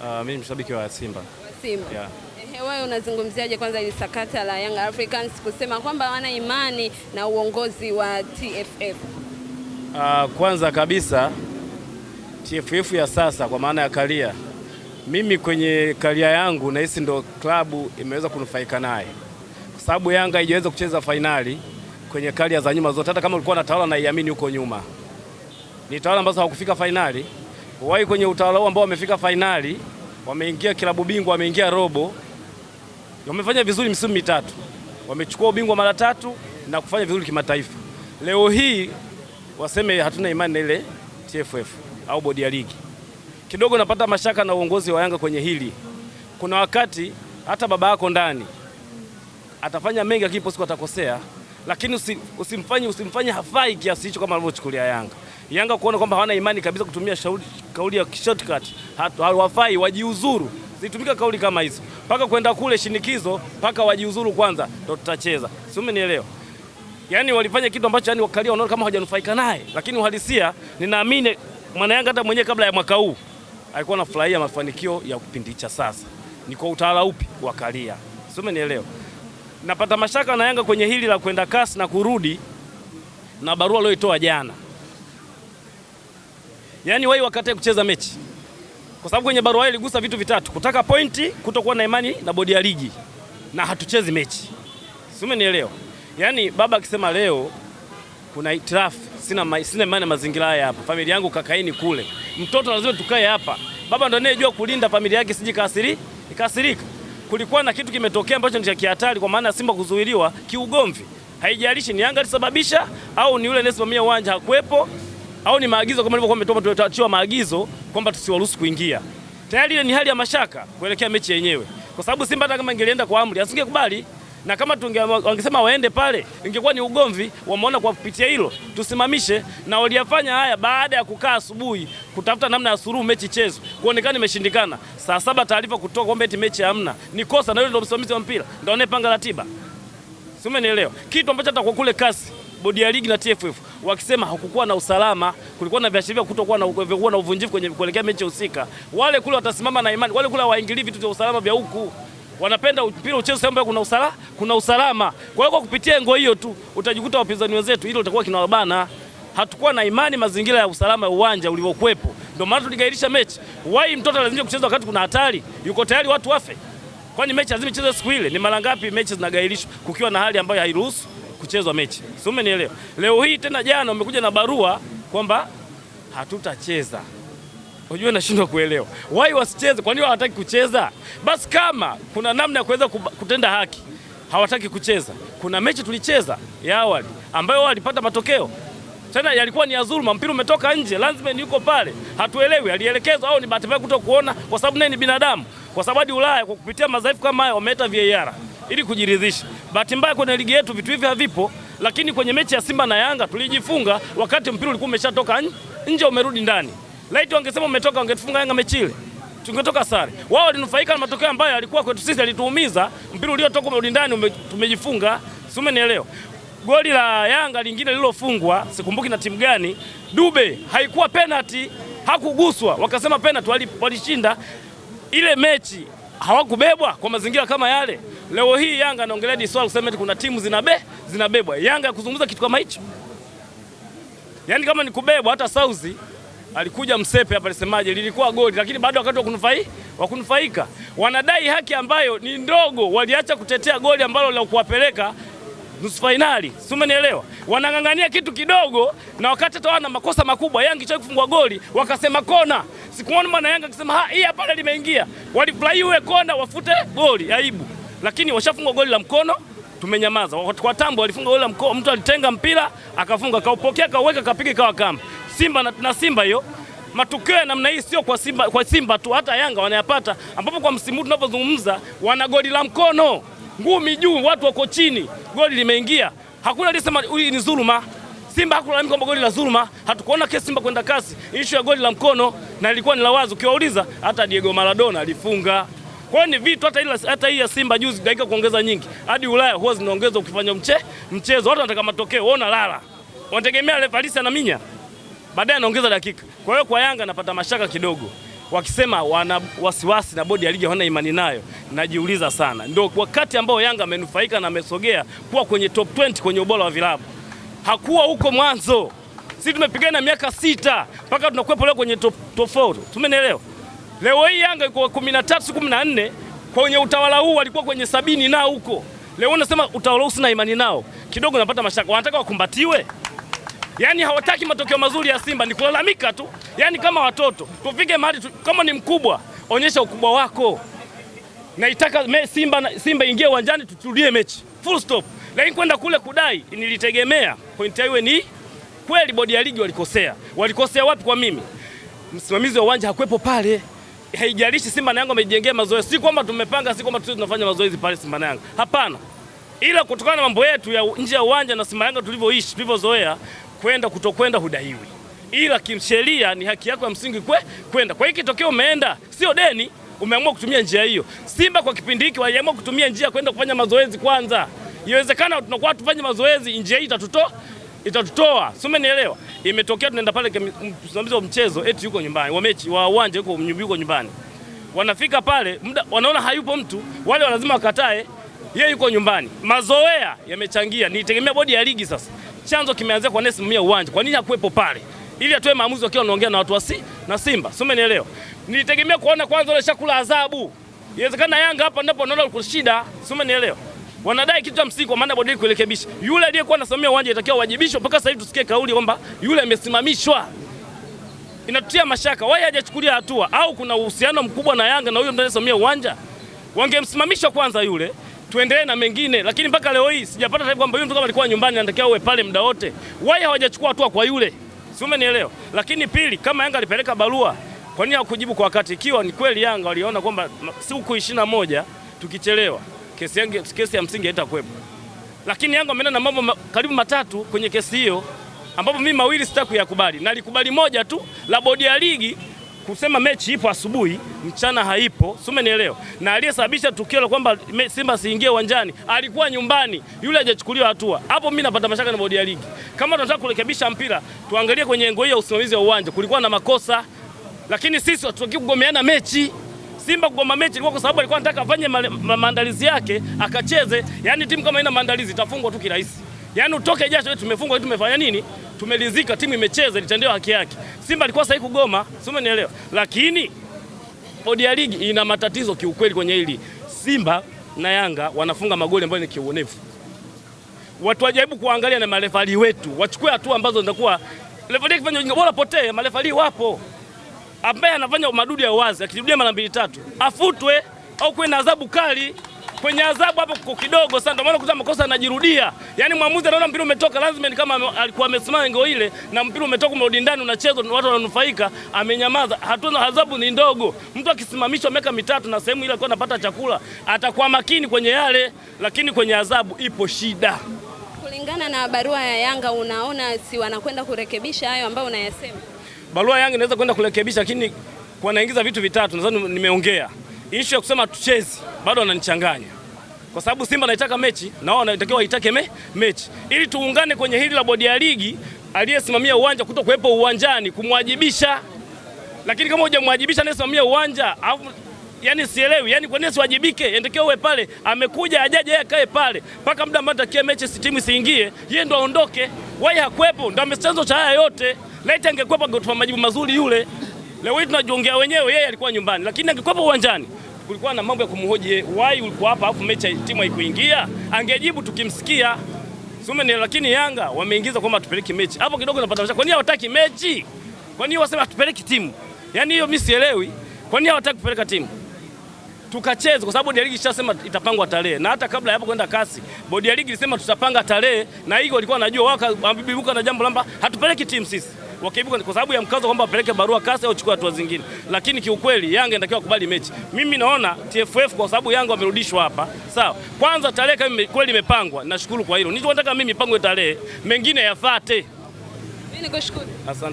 Uh, mimi mshabiki wa Simba. Wa Simba. Yeah. Wewe unazungumziaje kwanza ili sakata la Young Africans kusema kwamba wana imani na uongozi wa TFF? Uh, kwanza kabisa TFF ya sasa kwa maana ya Karia, mimi kwenye Karia yangu nahisi ndo klabu imeweza kunufaika naye, kwa sababu Yanga haijaweza kucheza fainali kwenye Karia za nyuma zote, hata kama ulikuwa na tawala naiamini huko nyuma, ni tawala ambazo hawakufika fainali wai kwenye utawala huu ambao wamefika fainali, wameingia kilabu bingwa, wameingia robo, wamefanya vizuri misimu mitatu, wamechukua ubingwa mara tatu na kufanya vizuri kimataifa. Leo hii waseme hatuna imani na ile TFF au bodi ya ligi. Kidogo napata mashaka na uongozi wa Yanga kwenye hili. Kuna wakati hata baba yako ndani atafanya mengi, lakini siku atakosea, lakini usimfanye usimfanye hafai kiasi hicho kama alivyochukulia Yanga. Yanga kuona kwamba hawana imani kabisa kutumia shauri, kauli ya shortcut, hawafai wajiuzuru. Zitumika kauli kama hizo mpaka kwenda kule shinikizo mpaka wajiuzuru kwanza ndo tutacheza, si umenielewa? Yaani walifanya kitu ambacho yani wakalia wanaona kama hawajanufaika naye, lakini uhalisia, ninaamini mwana Yanga hata mwenyewe kabla ya mwaka huu alikuwa anafurahia mafanikio ya kipindi cha sasa. Ni kwa utawala upi wakalia, si umenielewa? Napata mashaka na Yanga kwenye hili la kwenda kasi na kurudi na barua aliyoitoa jana. Yaani wao wakatae kucheza mechi kwa sababu kwenye barua iligusa vitu vitatu: kutaka pointi, kutokuwa na imani na bodi ya ligi na hatuchezi mechi. Si umenielewa? Yaani baba akisema leo kuna itrafu, sina sina imani na mazingira haya hapa, familia yangu kakaini kule, mtoto lazima tukae hapa. Baba ndo anayejua kulinda familia yake siji kasiri ikasirika. Kulikuwa na kitu kimetokea ambacho ni cha kihatari, kwa maana Simba kuzuiliwa kiugomvi. Haijalishi ni Yanga alisababisha au ni yule anayesimamia uwanja hakuwepo au ni maagizo kama ilivyokuwa umetoa, tumetoa maagizo kwamba tusiwaruhusu kuingia. Tayari ile ni hali ya mashaka kuelekea mechi yenyewe, kwa sababu Simba hata kama ingelienda kwa amri asingekubali, na kama wangesema waende pale ingekuwa ni ugomvi. Wameona kwa kupitia hilo tusimamishe, na waliyafanya haya baada ya kukaa asubuhi kutafuta namna ya suruhu mechi chezo, kuonekana imeshindikana. Saa saba taarifa kutoka kwamba eti mechi hamna, ni kosa, na yule ndio msimamizi wa mpira ndio anayepanga ratiba, si umenielewa? Kitu ambacho hata kwa kule kasi bodi ya ligi na TFF wakisema hakukuwa na usalama, kulikuwa na viashiria kutokuwa na kuwa na uvunjifu kwenye kuelekea mechi husika, wale kule watasimama na imani, wale kule waingilii vitu vya usalama vya huku wanapenda mpira ucheze sehemu kuna usala, kuna usalama. Kwa hiyo kwa kupitia engo hiyo tu utajikuta wapinzani wenzetu hilo litakuwa kinawabana. Hatukuwa na imani mazingira ya usalama ya uwanja ulivyokuwepo, ndio maana tuligairisha mechi. Wai mtoto lazima kucheza wakati kuna hatari, yuko tayari watu wafe? Kwani mechi lazima ichezwe siku ile? Ni mara ngapi mechi zinagairishwa kukiwa na hali ambayo hairuhusu? kuchezwa mechi, si umenielewa? Leo hii tena, jana umekuja na barua kwamba hatutacheza. Unajua, nashindwa kuelewa wai wasicheze. Kwa nini hawataki kucheza? Basi kama kuna namna ya kuweza kutenda haki, hawataki kucheza. Kuna mechi tulicheza ya awali ambayo walipata matokeo tena yalikuwa ni ya dhuluma. Mpira umetoka nje, linesman yuko pale, hatuelewi alielekezwa au ni bahati mbaya kuto kuona, kwa sababu naye ni binadamu, kwa sababu hadi Ulaya kwa kupitia madhaifu kama haya wameleta VAR ili kujiridhisha. Bahati mbaya kwenye ligi yetu vitu hivi havipo, lakini kwenye mechi ya Simba na Yanga tulijifunga wakati mpira ulikuwa umeshatoka nje umerudi ndani. Laiti wangesema umetoka, wangetufunga Yanga mechi ile, tungetoka sare. Wao walinufaika na matokeo ambayo yalikuwa kwetu sisi, alituumiza mpira uliotoka umerudi ndani, ume, tumejifunga. Si umenielewa? Goli la Yanga lingine lililofungwa sikumbuki na timu gani, Dube haikuwa penalty, hakuguswa, wakasema penalty, walishinda ile mechi. Hawakubebwa kwa mazingira kama yale. Leo hii Yanga anaongelea hili swala kusema kuna timu zinabe zinabebwa. Yanga kuzungumza kitu kama hicho, yaani kama ni kubebwa. Hata Saudi alikuja Msepe hapa, alisemaje? Lilikuwa goli, lakini bado wakati wa kunufaika wanadai haki ambayo ni ndogo. Waliacha kutetea goli ambalo la kuwapeleka nusu finali. si umenielewa? Wanang'ang'ania kitu kidogo, na wakati hata na makosa makubwa. Yanga chai kufungwa goli wakasema kona, sikuona maana Yanga akisema hii hapa limeingia. Walifurahi iwe kona, wafute goli, aibu lakini washafunga goli la mkono tumenyamaza. Kwa tambo walifunga goli la mkono, mtu alitenga mpira akafunga, kaupokea, kaweka, kapiga, kawa kama Simba na, na Simba hiyo matukio ya namna hii sio kwa Simba, kwa Simba tu, hata Yanga wanayapata, ambapo kwa msimu tunapozungumza wana goli la mkono, ngumi juu, watu wako chini, goli limeingia, hakuna aliyesema hii ni dhuluma. Simba hakulalamika kwamba goli la dhuluma, hatukuona kesi Simba kwenda kasi. issue ya goli la mkono na ilikuwa ni la wazi, ukiwauliza hata Diego Maradona alifunga. Kwa hiyo ni vitu hata ile hata hii ya Simba juzi dakika kuongeza nyingi hadi Ulaya huwa zinaongeza ukifanya mche, mchezo watu wanataka matokeo, wewe unalala. Wanategemea refarisi anaminya. Baadaye anaongeza dakika. Kwa hiyo kwa Yanga napata mashaka kidogo. Wakisema wana wasiwasi na bodi ya ligi hawana imani nayo, najiuliza sana. Ndio wakati ambao Yanga amenufaika na amesogea kuwa kwenye top 20 kwenye ubora wa vilabu. Hakuwa huko mwanzo. Sisi tumepigana miaka sita mpaka tunakuwepo leo kwenye top 4. Tumenielewa? Leo hii Yanga iko kumi na tatu kumi na nne kwenye utawala huu walikuwa kwenye sabini na huko. Leo unasema utawala huu sina imani nao kidogo, napata mashaka. Wanataka wakumbatiwe, yaani hawataki matokeo mazuri ya Simba, ni kulalamika tu, yaani kama watoto. Tufike mahali tu, kama ni mkubwa onyesha ukubwa wako. Naitaka me, Simba, Simba ingie uwanjani tutulie mechi full stop, lakini kwenda kule kudai, nilitegemea pointi iwe ni kweli. Bodi ya ligi walikosea, walikosea wapi? Kwa mimi msimamizi wa uwanja hakuwepo pale haijalishi Simba na Yanga mazoezi, si kwamba tumepanga, si kwamba tunafanya mazoezi pale Simba na Yanga, hapana, ila kutokana na mambo yetu ya nje ya uwanja na Simba Yanga tulivyoishi, tulivyozoea kwenda, kutokwenda hudaiwi, ila kimsheria ni haki yako ya msingi kwe kwenda. Kwa hiyo kitokeo umeenda, sio deni, umeamua kutumia njia hiyo. Simba kwa kipindi hiki waliamua kutumia njia kwenda kufanya mazoezi kwanza. Iwezekana tunakuwa tufanye mazoezi, njia hii itatutoa itatutoa, si umenielewa? Imetokea tunaenda pale msimamizi wa mchezo eti yuko nyumbani, wa mechi wa uwanja yuko yuko nyumbani, wanafika pale mda, wanaona hayupo mtu, wale lazima wakatae, yeye yuko nyumbani. Mazoea yamechangia, nitegemea bodi ya ligi sasa, chanzo kimeanzia kwa anayesimamia uwanja, kwa nini hakuwepo pale ili atoe maamuzi wakiwa wanaongea na watu wa si, na Simba, si umenielewa? Nilitegemea kuona kwanza wale shakula adhabu, inawezekana Yanga hapa ndipo naona kuna shida, si umenielewa? wanadai kitu cha msingi, kwa maana bodi kurekebisha. Yule aliyekuwa anasimamia uwanja itakiwa wajibishwe. Mpaka sasa hivi tusikie kauli kwamba yule amesimamishwa, inatutia mashaka. Wao hajachukulia hatua, au kuna uhusiano mkubwa na Yanga na huyo ndiye anasimamia uwanja? Wangemsimamisha kwanza yule, tuendelee na mengine, lakini mpaka leo hii sijapata taarifa kwamba yule mtu kama alikuwa nyumbani anatakiwa uwe pale muda wote. Wao hawajachukua hatua kwa yule, si umenielewa? Lakini pili, kama Yanga alipeleka barua kwa nini hakujibu kwa wakati, ikiwa ni kweli Yanga waliona kwamba siku 21 tukichelewa kesi yangu kesi ya msingi haitakuwepo. Lakini Yanga ameenda na mambo karibu matatu kwenye kesi hiyo ambapo mimi mawili sitakuyakubali. Nalikubali moja tu la bodi ya ligi kusema mechi ipo asubuhi, mchana haipo, si umenielewa? Na aliyesababisha tukio la kwamba Simba siingie uwanjani alikuwa nyumbani, yule hajachukuliwa hatua. Hapo mimi napata mashaka na bodi ya ligi. Kama tunataka kurekebisha mpira, tuangalie kwenye engo hiyo ya usimamizi wa uwanja, kulikuwa na makosa, lakini sisi hatutaki kugomeana mechi. Simba kugoma mechi kwa sababu alikuwa anataka afanye maandalizi yake akacheze. Yani timu kama ina maandalizi itafungwa tu kirahisi. Yani utoke jasho eh, tumefungwa tumefanya nini? Tumelizika, timu imecheza ilitendewa haki yake. Simba alikuwa sahihi kugoma, si umeelewa? Lakini bodi ya ligi ina matatizo kiukweli kwenye hili. Simba na Yanga wanafunga magoli ambayo ni kiuonevu. Watu wajaribu kuangalia na marefali wetu wachukue hatua ambazo zinakuwa refali kifanya ujinga, bora potee, marefali wapo ambaye anafanya madudu ya uwazi akirudia mara mbili tatu afutwe au kuwe na adhabu kali. Kwenye adhabu hapo kwa kidogo sana, ndio maana kuta makosa anajirudia. Yaani mwamuzi anaona mpira umetoka, lazima ni kama alikuwa amesimama ngo ile na mpira umetoka, umerudi ndani, unachezwa, watu wananufaika, amenyamaza. Hatuna adhabu ni ndogo. Mtu akisimamishwa miaka mitatu na sehemu ile alikuwa anapata chakula, atakuwa makini kwenye yale, lakini kwenye adhabu ipo shida. Kulingana na barua ya Yanga, unaona si wanakwenda kurekebisha hayo ambayo unayasema? barua Yanga inaweza kwenda kurekebisha, lakini wanaingiza vitu vitatu. Nadhani nimeongea issue ya kusema tuchezi, bado wananichanganya kwa sababu Simba anaitaka mechi na wao wanatakiwa waitake me, mechi ili tuungane kwenye hili la bodi ya ligi, aliyesimamia uwanja kuto kuwepo uwanjani kumwajibisha. Lakini kama hujamwajibisha anayesimamia uwanja au yani, sielewi yani, kwa nini siwajibike? Endekeo uwe pale, amekuja ajaje, yeye akae pale mpaka muda ambao atakie mechi, si timu siingie, yeye ndo aondoke. Wai hakuwepo ndo amechanzo cha haya yote. Laiti angekuwepo angetupa majibu mazuri yule. Leo hii tunajiongea wenyewe, yeye alikuwa nyumbani, lakini angekuwepo uwanjani kulikuwa na mambo ya kumhoji wai ulikuwa hapa afu mechi timu haikuingia, angejibu tukimsikia. ni. lakini Yanga wameingiza kwamba tupeleke mechi hapo kidogo, napata kwa nini hawataki mechi? Kwa nini wasema tupeleke timu? Yaani hiyo mimi sielewi. Kwa nini hawataki kupeleka timu? tukacheze, kwa sababu bodi ya ligi ishasema itapangwa tarehe, na hata kabla ya hapo kwenda kasi, bodi ya ligi ilisema tutapanga tarehe, na hiyo walikuwa wanajua, wakabibuka na jambo lamba hatupeleki timu sisi wakiibuka kwa sababu ya mkazo kwamba wapeleke barua kasi au chukua hatua zingine, lakini kiukweli Yanga inatakiwa kubali mechi. Mimi naona TFF kwa sababu Yanga wamerudishwa hapa, sawa. Kwanza tarehe kama kweli imepangwa, nashukuru kwa hilo. Nilichotaka mimi mipango ya tarehe, mengine yafate. Mimi nikushukuru. Asante.